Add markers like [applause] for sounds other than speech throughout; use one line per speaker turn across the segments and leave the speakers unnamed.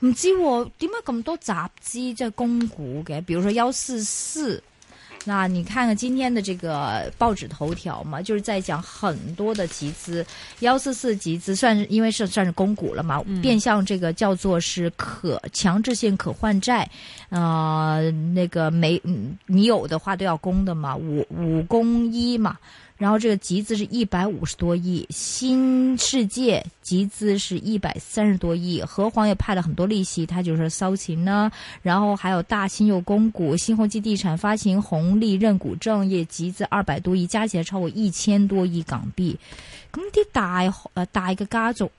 唔知點解咁多集資，即係供股嘅，比如說幺四四，那你看看今天的這個報紙頭條嘛，就是在講很多的集資，幺四四集資算因為是算是供股了嘛，嗯、變相這個叫做是可強制性可換債，啊、呃，那個沒、嗯、你有的話都要供的嘛，五五供一嘛。然後這個集資是一百五十多億，新世界集資是一百三十多億，和黃也派了很多利息，他就是騷情呢、啊。然後還有大新又供股，新鴻基地產發行紅利認股證也集資二百多億，加起來超過一千多億港幣。咁啲大，誒、呃、大一個家族，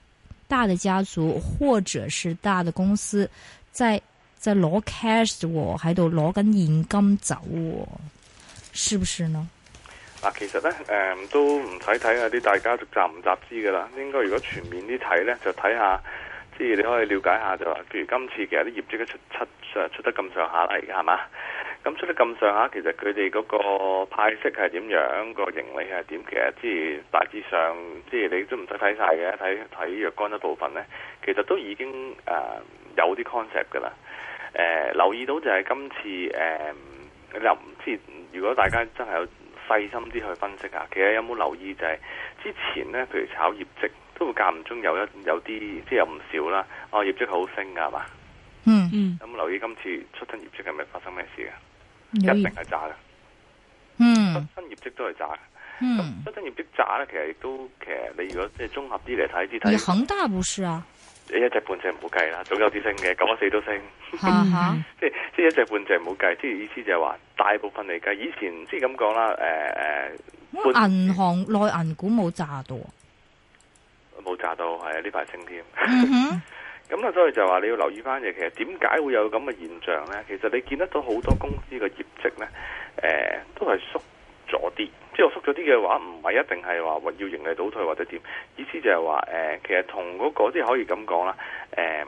大的家族或者是大的公司，在在攞 cash 喎，喺度攞緊現金走喎，是不是呢？
其實咧，誒、嗯、都唔使睇下啲大家集唔集資㗎啦，應該如果全面啲睇咧，就睇下，即係你可以了解下就話，譬如今次其實啲業績嘅出出上出得咁上下而家係嘛？咁出得咁上下，上其實佢哋嗰個派息係點樣，個盈利係點嘅？即係大致上，即係你都唔使睇晒嘅，睇睇若干一部分咧，其實都已經誒、呃、有啲 concept 嘅啦。誒、呃、留意到就係今次誒臨，即、呃、如果大家真係有細心啲去分析啊！其實有冇留意就係之前咧，譬如炒業績，都會間唔中有一有啲，即係有唔少啦。哦，業績好升噶係嘛？嗯嗯。有冇留意今次出新業績係咪發生咩事啊？意一定係炸嘅。嗯。出新業績都係炸的！嘅。嗯。
咁
出新業績炸咧，其實亦都其實你如果即係綜合啲嚟睇，啲睇。恒
大不是啊。
一隻半隻唔好計啦，總有啲升嘅，九啊四都升， [laughs] mm hmm. 即係即係一隻半隻唔好計，即係意思就係話大部分嚟計。以前即係咁講啦，誒、呃、
誒，銀行內銀股冇炸到，
冇炸到，係啊呢排升添。
咁
啊、mm hmm. [laughs] 所以就話你要留意翻嘢。其實點解會有咁嘅現象咧？其實你見得到好多公司嘅業績咧，誒、呃、都係縮咗啲，即係我縮咗啲嘅話，唔係一定係話要盈利倒退或者點，意思就係話誒，其實同嗰、個即係可以咁講啦，誒、呃，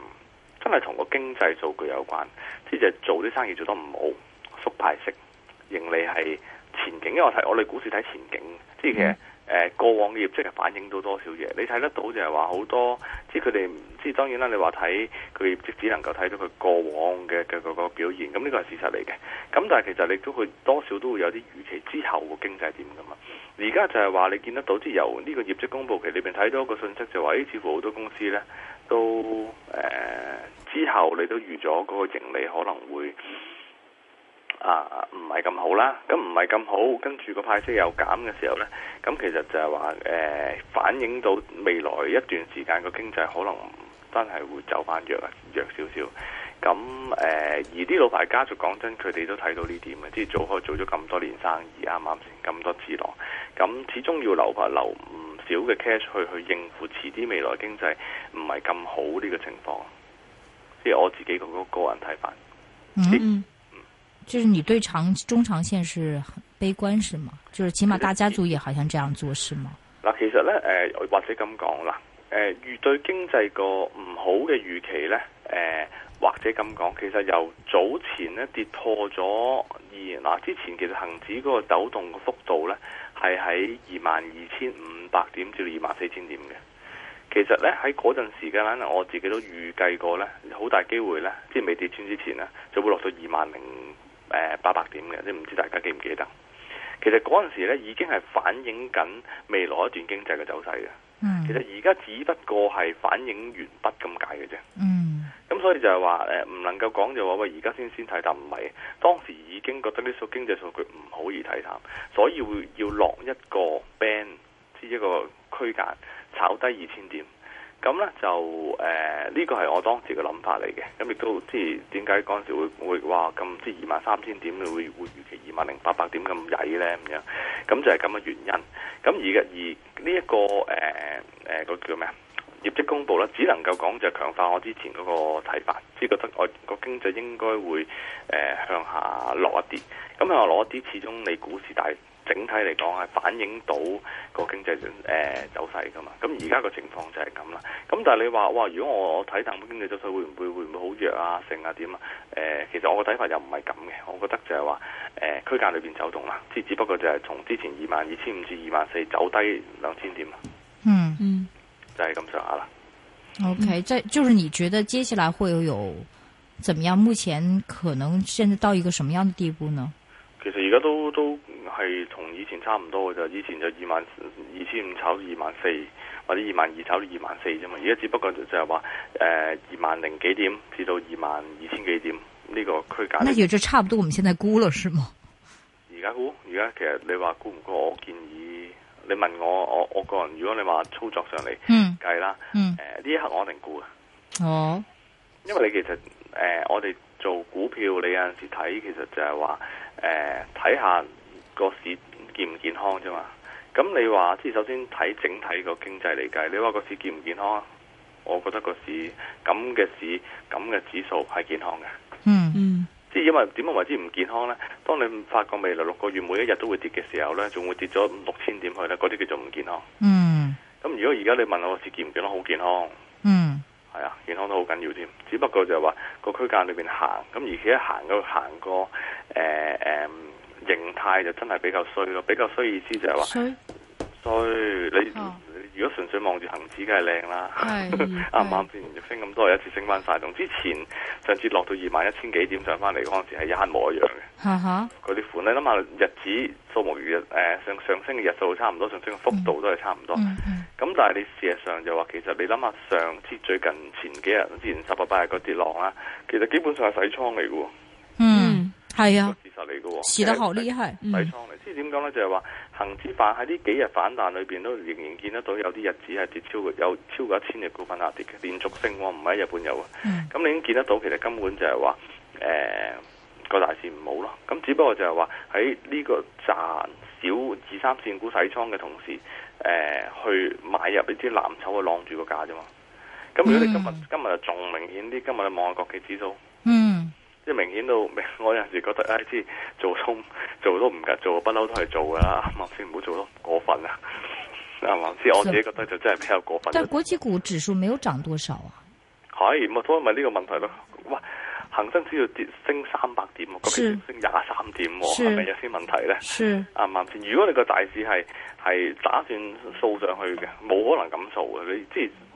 真係同個經濟數據有關，即係就係做啲生意做得唔好，縮派息，盈利係前景，因為我睇我哋股市睇前景，即係其實。誒過往嘅業績係反映到多少嘢？你睇得到，就係話好多，即係佢哋，即係當然啦。你話睇佢業績，只能夠睇到佢過往嘅嘅嗰個表現。咁呢個係事實嚟嘅。咁但係其實你都會多少都會有啲預期之後嘅經濟點噶嘛。而家就係話你見得到，即由呢個業績公佈期裏邊睇到一個訊息，就話、是、誒似乎好多公司呢都誒、呃、之後你都預咗嗰個盈利可能會。啊，唔係咁好啦，咁唔係咁好，跟住個派息又減嘅時候呢，咁其實就係話、呃、反映到未來一段時間個經濟可能真係會走返弱啊，弱少少。咁誒、呃，而啲老牌家族講真，佢哋都睇到呢點啊，即係做開做咗咁多年生意，啱啱先咁多資郎，咁始終要留留唔少嘅 cash 去去應付遲啲未來經濟唔係咁好呢個情況。即係我自己、那個、個個個人睇法。嗯
嗯就是你對長中長線是很悲觀是嗎？就是起碼大家族也好像這樣做是嗎？
嗱，其實呢，誒、呃，或者咁講啦，誒、呃，對經濟個唔好嘅預期呢，誒、呃，或者咁講，其實由早前呢跌破咗二，嗱，之前其實恒指嗰個抖動嘅幅度呢，係喺二萬二千五百點至二萬四千點嘅。其實呢，喺嗰陣時間呢，我自己都預計過呢，好大機會呢，即係未跌穿之前呢，就會落到二萬零。誒，八百點嘅，即唔知大家記唔記得？其實嗰陣時咧，已經係反映緊未來一段經濟嘅走勢嘅。嗯，其實而家只不過係反映完畢咁解嘅啫。嗯，咁所以就係話誒，唔能夠講就話喂，而家先先睇淡，唔係，當時已經覺得呢數經濟數據唔好易睇淡，所以會要落一個 band，即一個區間，炒低二千點。咁咧就誒呢、呃這個係我當時嘅諗法嚟嘅，咁亦都即係點解嗰陣時會會話咁，即係二萬三千點會會預期二萬零八百點咁曳咧咁樣，咁就係咁嘅原因。咁而而呢、這、一個誒誒個叫咩啊？業績公佈呢，只能夠講就強化我之前嗰個睇法，即係覺得我個經濟應該會、呃、向下落一啲。咁啊落一啲，始終你股市大。整體嚟講係反映到個經濟誒、呃、走勢噶嘛，咁而家個情況就係咁啦。咁但係你話哇，如果我睇淡，係經濟走勢會唔會會唔會好弱啊、成啊點啊？誒、呃，其實我個睇法又唔係咁嘅，我覺得就係話誒區間裏邊走動啦，只只不過就係從之前二萬二千五至二萬四走低兩千點。嗯嗯，就係咁上下啦。
OK，即係就是你覺得接下來會有，有怎麼樣？目前可能現在到一個什麼樣的地步呢？
其實而家都都。都係同以前差唔多嘅就，以前就二萬二千五炒到二萬四，或者二萬二炒到二萬四啫嘛。而家只不過就係話，誒、呃、二萬零幾點至到二萬二千幾點呢、這個區間。那也就差
唔多，我們現在估了，是嗎？
而家估，而家其實你話估唔估，我建議你問我，我我個人如果你話操作上嚟計、嗯、啦，誒呢、嗯、一刻我一定估啊。哦，因為你其實誒、呃，我哋做股票，你有陣時睇，其實就係話誒睇下。呃睇下個市健唔健康啫嘛？咁你話即係首先睇整體個經濟嚟計，你話個市健唔健康啊？我覺得個市咁嘅市咁嘅指數係健康嘅。嗯嗯，即係因為點樣為之唔健康呢？當你發覺未來六個月每一日都會跌嘅時候呢，仲會跌咗六千點去呢嗰啲叫做唔健康。嗯。咁如果而家你問我個市健唔健康，好健康。嗯。係啊，健康都好緊要添。只不過就係話個區間裏邊行，咁而且行嗰行過行過行過誒誒。形態就真係比較衰咯，比較衰意思就係話衰。你，uh huh. 你如果純粹望住恒指，梗係靚啦。係啱啱先升咁多，一次升翻晒。同之前上次落到二萬一千幾點上翻嚟，嗰陣時係一模一樣嘅。吓啲、uh huh. 款你諗下，想想想日子數目月誒上上升嘅日數差唔多，上升嘅幅、mm hmm. 幅度都係差唔多。咁、mm hmm. 但係你事實上就話，其實你諗下，上次最近前幾日之前十八八日個跌浪啦，其實基本上係洗倉嚟嘅。
Mm hmm. 嗯，係啊。
其實嚟嘅，市好厲害，洗倉嚟。即係點講咧？就係話恒指板喺呢幾日反彈裏邊，都仍然見得到有啲日子係跌超過，有超過一千隻股份下跌嘅，連續升，唔係一日本有的。啊、嗯。咁你已經見得到，其實根本就係話，誒、呃、個大市唔好咯。咁只不過就係話喺呢個賺少二三線股洗倉嘅同時，誒、呃、去買入呢啲藍籌去晾住個價啫嘛。咁如果你今日、嗯、今日仲明顯啲，今日你望下國企指數。即係明顯到，明我有陣時覺得，唉、啊，即做空做都唔得，做，做不嬲都係做㗎啦。啱啱先唔好做咯，過分啦，啱啱先是、啊、我自己覺得就真係比較過分。但係
國企股指數沒有漲多少啊？
係，所以咪呢個問題咯。哇，恆生指要跌升三百點，國際升廿三點，係咪是有啲問題咧？啱啱先是，如果你個大市係係打算掃上去嘅，冇可能咁掃嘅，你即係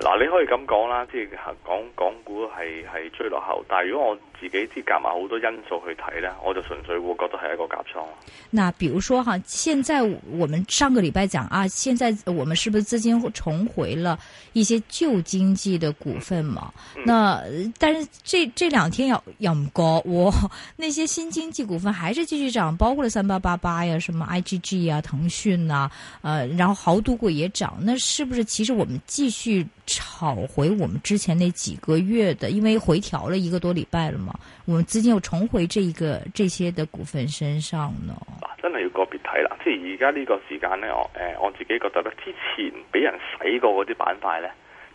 嗱，你可以咁講啦，即係講港股係係最落後，但係如果我自己啲夾埋好多因素去睇呢，我就純粹會覺得係一個夾倉。
嗱比如說哈，現在我們上個禮拜講啊，現在我們是不是資金重回了一些舊經濟的股份嘛？嗯、那但是這這兩天要唔高，我那些新經濟股份還是繼續漲，包括了三八八八呀、什麼 I G G 啊、騰訊啊呃，然後豪賭股也漲，那是不是其實我們繼續？炒回我們之前那幾個月的，因為回調了一個多禮拜了嘛，我們資金又重回這一個這些的股份身上呢、
啊、真係要個別睇啦，即係而家呢個時間呢，我誒、呃、我自己覺得咧，之前俾人洗過嗰啲板塊呢，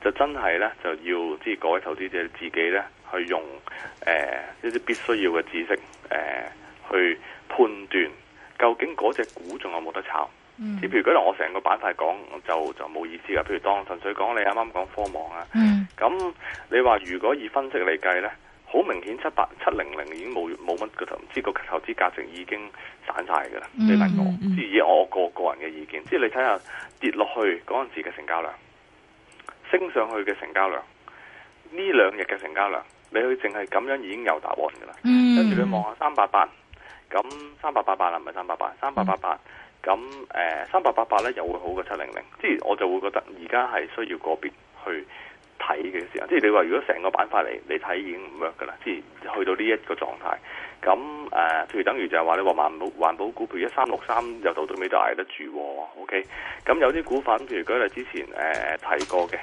就真係呢，就要即係各位投資者自己呢，去用誒一啲必須要嘅知識誒、呃、去判斷究竟嗰隻股仲有冇得炒。嗯，即係，如果我成個板塊講就，就就冇意思啦。譬如當純粹講，你啱啱講，嗯、你啱啱講科網啊，咁你話如果以分析嚟計呢，好明顯七百七零零已經冇冇乜個投資個投資價值已經散晒噶啦。嗯、你問我，即、嗯、以我個個人嘅意見，即係你睇下跌落去嗰陣時嘅成交量，升上去嘅成交量，呢兩日嘅成交量，你去淨係咁樣已經有答案噶啦。嗯、有時你望下三八八，咁三八八八啊，唔係三八八，三八八八，咁誒、呃、三八八八咧又會好過七零零，即係我就會覺得而家係需要個別去睇嘅時候，即係你話如果成個板塊嚟你睇已經唔 work 噶啦，即係去到呢一個狀態。咁誒，譬、呃、如等於就係話你話環保環保股票一三六三又到到尾就捱得住喎。OK，咁有啲股份譬如舉例之前誒睇、呃、過嘅。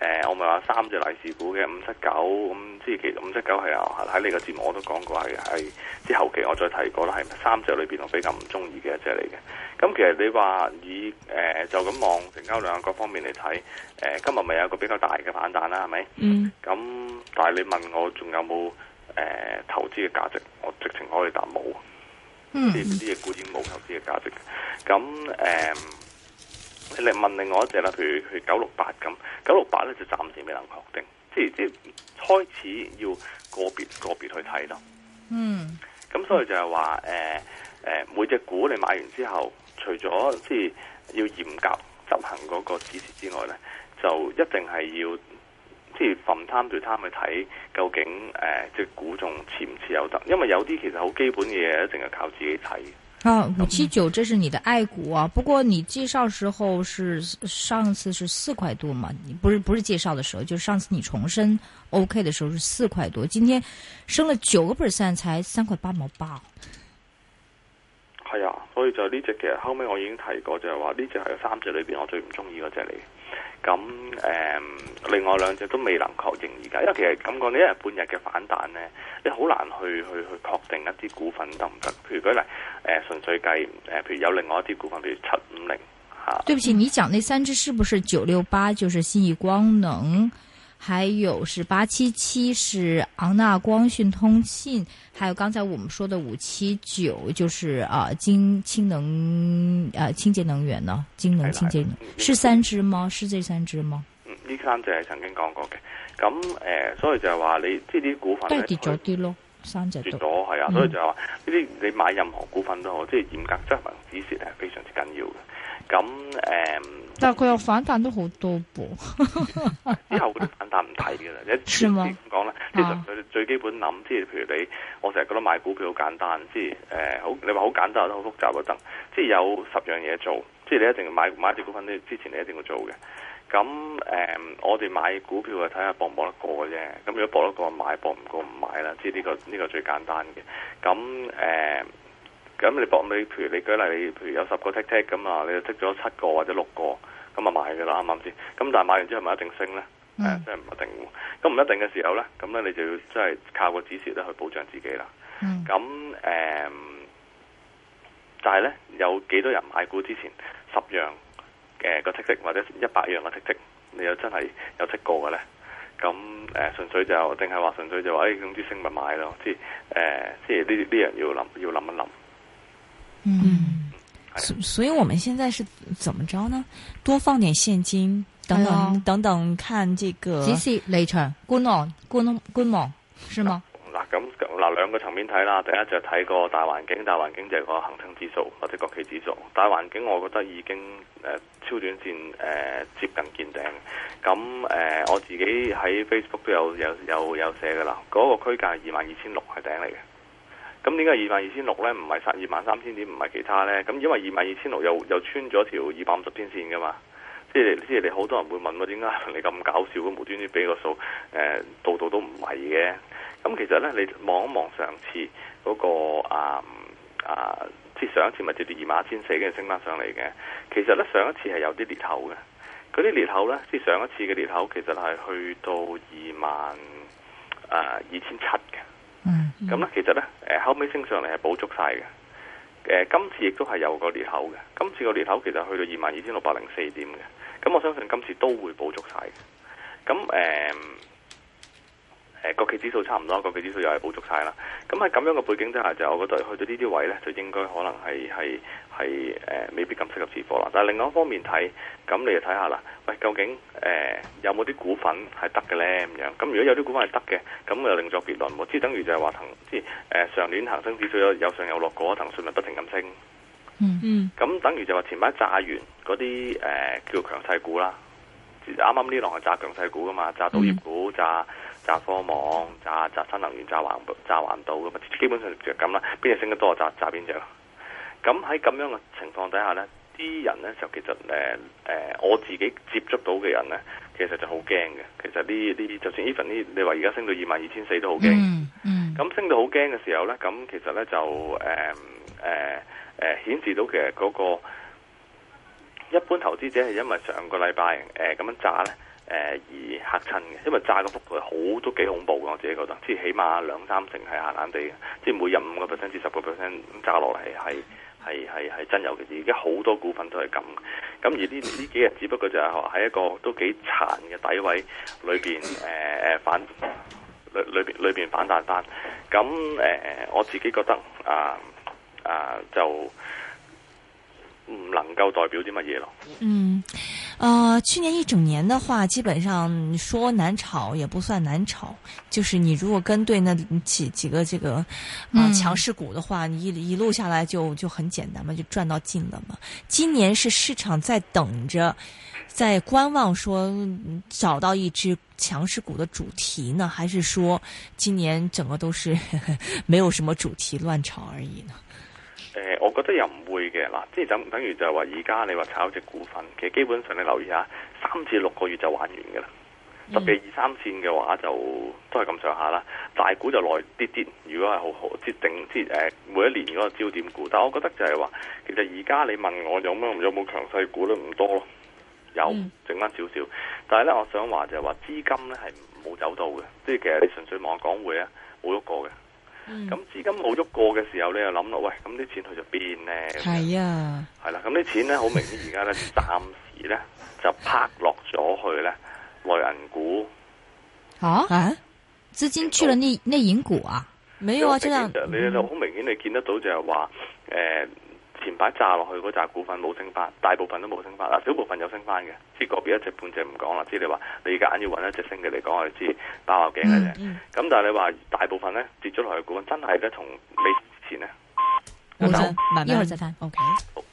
誒、呃，我咪話三隻利是股嘅五七九，咁即係其實五七九係喺你個節目我都講過係之後期我再提過啦，係三隻裏面我比較唔中意嘅一隻嚟嘅。咁其實你話以、呃、就咁望成交量各方面嚟睇、呃，今日咪有一個比較大嘅反彈啦，係咪？咁、mm. 嗯、但係你問我仲有冇、呃、投資嘅價值，我直情可以答冇。即係呢啲嘢固然冇投資嘅價值咁你問問另外一隻啦，譬如譬九六八咁，九六八咧就暫時未能確定，即係即係開始要個別個別去睇咯。嗯，咁所以就係話誒每隻股你買完之後，除咗即係要嚴格執行嗰個指示之外咧，就一定係要即係從貪對貪去睇，究竟誒隻、呃那個、股仲持唔持有得？因為有啲其實好基本嘢，一定係靠自己睇。
啊，五七九，這是你的愛股啊。不過你介紹的時候是上次是四塊多嘛？你不是不是介紹的時候，就是上次你重申 OK 的時候是四塊多，今天升了九個 percent 才三塊八毛八。
係啊，所以就呢隻其實後尾我已經提過，就係話呢隻係三隻裏邊我最唔中意嗰隻嚟。咁誒、嗯，另外兩隻都未能確認而家，因為其實咁講，你一日半日嘅反彈咧，你好難去去去確定一啲股份得唔得？譬如舉例誒，純、呃、粹計誒、呃，譬如有另外一啲股份，譬如七五零
嚇。對不起，你講呢三隻是不是九六八？就是信義光能。還有是八七七是昂納光訊通信，還有剛才我們說的五七九就是啊，京能呃、啊、清潔能源呢、啊，京能清潔能源是，的是三隻嗎？是這三隻嗎？嗯，
呢三隻係曾經講過嘅，咁誒、呃，所以就係話你即係啲股份都係跌咗
啲咯。跌咗
係啊，所以就話呢啲你買任何股份都好，即係嚴格執行指示係非常之緊要嘅。咁誒，嗯、
但係佢又反彈都好多噃，嗯、 [laughs] 之後佢反彈
唔睇嘅啦。一串先講啦，即係你嗎、就是、最最基本諗，即、就、係、是、譬如你，我成日覺得買股票好簡單，即係誒好，你話好簡單都好複雜都得，即、就、係、是、有十樣嘢做，即、就、係、是、你一定要買買一啲股份，你之前你一定要做嘅。咁誒，uh, 我哋買股票係睇下博唔博得過嘅啫。咁如果博得過買，博唔過唔買啦。即係呢個呢個最簡單嘅。咁誒，咁、uh, 你博尾，你譬如你舉例，你譬如有十個 tick tick 咁啊，你就 tick 咗七個或者六個，咁啊買嘅啦，啱唔啱先？咁但係買完之後唔一定升咧，誒，即係唔一定。咁唔一定嘅時候咧，咁咧你就要即係靠個指示咧去保障自己啦。咁誒、mm.，但係咧，有幾多人買股之前十樣？誒，呃那個剔值或者一百樣個剔值，你又真係有剔過嘅咧？咁誒，純、呃、粹就定係話純粹就話，哎，咁啲升物買咯，即係誒，即係呢呢樣要諗要諗一諗。嗯，所
的所以我們現在是怎麼着呢？多放點現金，等等等等，看這個。只是離場觀望觀觀望，是嗎？
咁嗱，兩個層面睇啦。第一就睇個大環境，大環境就係個恆生指數或者國企指數。大環境我覺得已經、呃、超短線、呃、接近見頂。咁、呃、我自己喺 Facebook 都有有有有寫㗎啦。嗰、嗰個區間係二萬二千六係頂嚟嘅。咁點解二萬二千六咧？唔係三二萬三千點，唔係其他咧？咁因為二萬二千六又又穿咗條二百五十天線㗎嘛。即係即係，你好多人會問我點解你咁搞笑咁無端端俾個數？誒、呃，度度都唔係嘅。咁其實咧，你望一望上次嗰、那個啊啊，即係上一次咪跌到二萬一千四，跟住升翻上嚟嘅。其實咧，上一次係有啲裂口嘅。嗰啲裂口咧，即係上一次嘅裂口，其實係去到二萬啊二千七嘅。嗯，咁咧其實咧，誒後尾升上嚟係補足晒嘅。誒今次亦都係有個裂口嘅，今次個裂口其實去到二萬二千六百零四點嘅，咁我相信今次都會補足晒嘅，咁誒誒國企指數差唔多，國企指數又係補足晒啦。咁喺咁樣嘅背景之下，就我覺得去到呢啲位咧，就應該可能係係係誒，未必咁適合持貨啦。但係另外一方面睇，咁你就睇下啦。喂，究竟誒、呃、有冇啲股份係得嘅咧？咁樣咁如果有啲股份係得嘅，咁又另作別論。即係等於就係話騰，即係誒上年恒生指數有上有落過，騰訊咪不停咁升。嗯嗯、mm。咁、hmm. 等於就話前排炸完嗰啲誒叫強勢股啦，啱啱呢浪係炸強勢股噶嘛，炸賭業股炸。炸貨網、炸炸新能源、炸環炸環島咁嘛，基本上就咁啦。邊隻升得多就炸炸邊隻。咁喺咁樣嘅情況底下呢，啲人呢，就其實誒誒、呃呃，我自己接觸到嘅人呢，其實就好驚嘅。其實呢呢，就算 even 呢，你話而家升到二萬二千四都好驚。咁、mm, mm. 升到好驚嘅時候呢，咁其實呢，就誒誒誒，顯、呃呃呃、示到其實嗰個一般投資者係因為上個禮拜誒咁樣炸呢。誒、呃、而嚇親嘅，因為炸個幅度好都幾恐怖嘅，我自己覺得，即係起碼兩三成係閒閒哋嘅，即係每日五個 percent 至十個 percent 炸落嚟係係係係真有嘅其事，而家好多股份都係咁嘅，咁而呢呢幾日只不過就係喺一個都幾殘嘅底位裏邊誒誒反裏裏邊裏邊反彈翻，咁誒、呃、我自己覺得啊啊、呃呃、就。唔能夠代表啲乜嘢咯。嗯，
呃，去年一整年的話，基本上說難炒也不算難炒，就是你如果跟對那幾幾個這個啊、呃、強勢股的話，你一一路下來就就很簡單嘛，就賺到勁了嘛。今年是市場在等着，在觀望說，說找到一支強勢股的主題呢，還是說今年整個都是呵呵沒有什麼主題亂炒而已呢？
誒、呃，我覺得又唔會嘅，嗱，即係等等，就係話，而家你話炒隻股份，其實基本上你留意下，三至六個月就玩完噶啦，特別二三線嘅話就都係咁上下啦，大股就耐啲啲。如果係好好即係定即係誒，每一年嗰個焦點股，但係我覺得就係話，其實而家你問我有咩有冇強勢股咧？唔多咯，有，有，有剩翻少少，但係咧，我想話就係話資金咧係冇走到嘅，即、就、係、是、其實你純粹望港匯咧，冇喐過嘅。咁資、嗯、金冇喐過嘅時候，你又諗落：「喂，咁啲錢去咗邊咧？
係啊，
係啦，咁啲錢咧，好明顯而家咧，暫時咧就拍落咗去咧，內銀股。
啊啊！資金去咗呢內銀股啊？
沒有啊，即係、嗯、你喺度好明顯，你見得到就係話誒。欸前排炸落去嗰扎股份冇升翻，大部分都冇升翻嗱，少部分有升翻嘅，即係個別一隻半隻唔講啦。即係你話你而家硬要揾一隻升嘅嚟講，我哋知打橫鏡嘅啫。咁、嗯嗯、但係你話大部分咧跌咗落去的股份，真係咧同未前咧冇增，慢
慢再睇 OK。